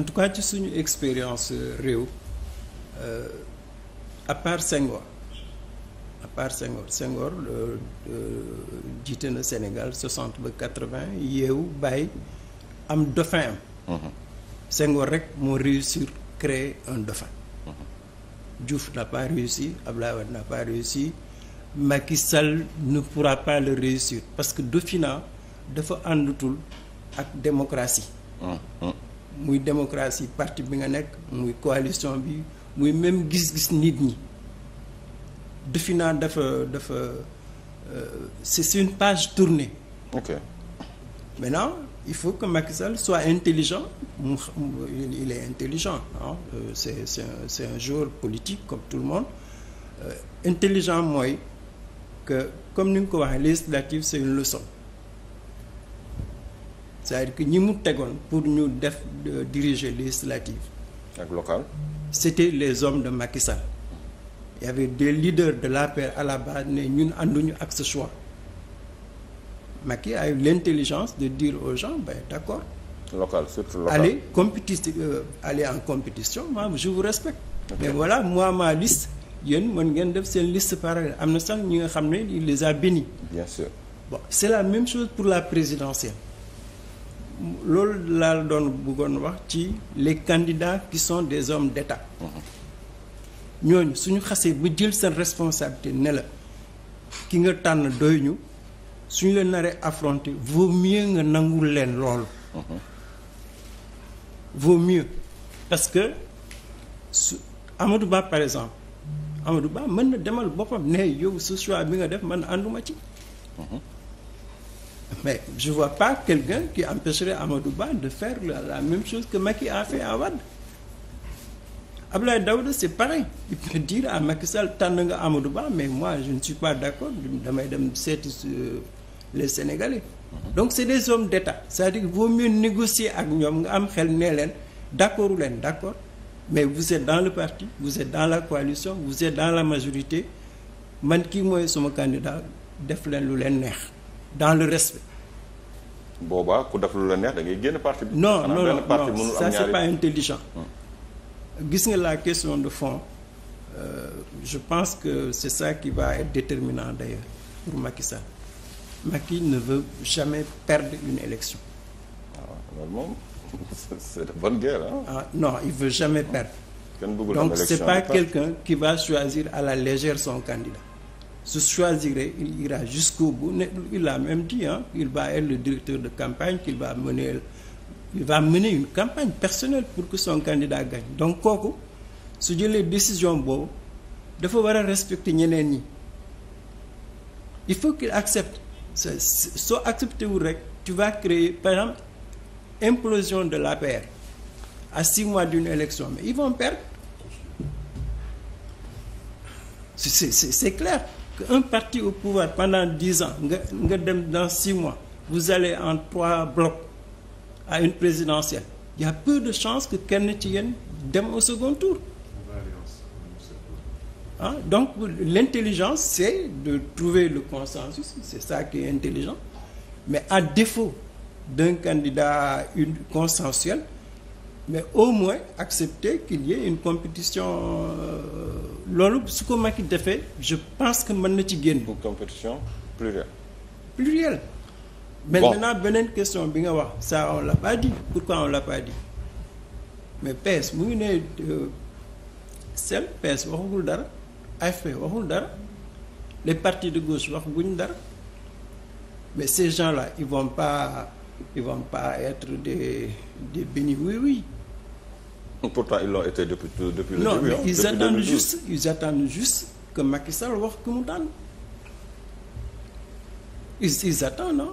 en tout cas ci suñu expérience euh, réew euh, à part Senghor à jiite na Sénégal 60 ba 80 yeewu bàyyi am dauphin am. Mhm. Senghor rek moo réussir créer un dauphin. Mhm. Diouf n'a pas réussi Abdoulaye Wade n'a pas réussi Macky Sall ne pourra le réussir parce que dauphinat dafa àndutul ak démocratie. Mhm. muy démocratie parti bi nga nekk muy coalition bi muy même gis-gis nit ñi defi naa dafa dafa euh, c'est une page tournée. ok maintenant il faut que Macky Sall soit intelligent mu il est intelligent ah c'est c'est un c'est un joueur politique comme tout le monde euh, intelligent mooy que comme ni nga ko waxee législative c'est une leçon. c'est-à-dire que ñi mu tegoon pour ñu def euh, diriger législative ak local c'était les hommes de Macky Sall il y avait des leaders de l'APR à la base ne ñun ànduñu ak ce choix Macky a eu l'intelligence de dire aux gens ben d'accord local surtout local allez compétition euh, allez en compétition moi je vous respecte okay. mais voilà moi ma liste yéen mën ngeen def seen liste parallèle am na sax ñi nga xam ne il les a bénis bien bon c'est la même chose pour la présidentielle loolu laa doon bëggoon wax ci les candidats qui sont des hommes d'État ñooñu suñu xasee ba jël seen responsabilité ne la ki nga tànn doy ñu suñu leen naree affronter vaut mieux nga nangul leen loolu vaut mieux parce que su Amadou Ba par exemple Amadou Ba mën na demal boppam ne yow ce bi nga def man ànduma ci mais je vois pas quelqu'un qui empêcherait Amadou Ba de faire la, la même chose que Macky a fait à Wade Abdoulaye Daouda c'est pareil il peut dire à Macky sal tànn nga Amadou Ba mais moi je ne suis pas d'accord damay dem seeti euh, les Sénégalais donc c'est des hommes d'État c'est-à-dire vaut mieux négocier ak ñoom nga am xel nee leen d'accordu leen d'accord mais vous êtes dans le parti vous êtes dans la coalition vous êtes dans la majorité man kii mooy suma candidat def leen lu leen neex dans le respect boobaa ku def lu la neex da ngay génn parti bi. non non non ça c'est pas intelligent. Hmm. gis nga la question de fond euh, je pense que c'est ça qui va être déterminant d'ailleurs pour Macky Sall. Macky ne veut jamais perdre une élection. Ah, de bonne guerre hein? ah non il veut jamais perdre. donc c'est pas quelqu'un qui va choisir à la légère son candidat. je choisirai, il ira jusqu'au bout. Il la même dit, hein, il va être le directeur de campagne, qu'il va mener, il va mener une campagne personnelle pour que son candidat gagne. Donc, kooku su jëlee décision boobu dafa war a respecter ñeneen yi il faut qu'il accepte soo accepté wul rek tu vas créer par exemple implosion de l'APR à six mois d'une élection mais ils vont perdre c'est c'est clair un parti au pouvoir pendant dix ans nga nga dem dans six mois vous allez en trois blocs à une présidentielle il y a peu de chances que kenn ci yéen dem au second tour ah donc l'intelligence c'est de trouver le consensus c'est ça qui est intelligent mais à défaut d'un candidat une consensuel mais au moins accepter qu'il y ait une compétition euh, loolu su ko Macky defee je pense que mën na ci génn. pour compétition plurielle. plurielle. bon maintenant beneen question bi nga wax ça on l'a pour dit on l'a pas dit mais PS mu ngi ne euh, sel PS waxagul dara AFP waxul dara les partis de gauche guñ dara mais ces gen la ils vont pas ils vont pas être des des bénis oui pourtant ils l'ont été depuis euh, depuis le non, début. non mais ils attendent juste ils attendent juste que Macky Sall wax ku mu tànn ils ils attendent non.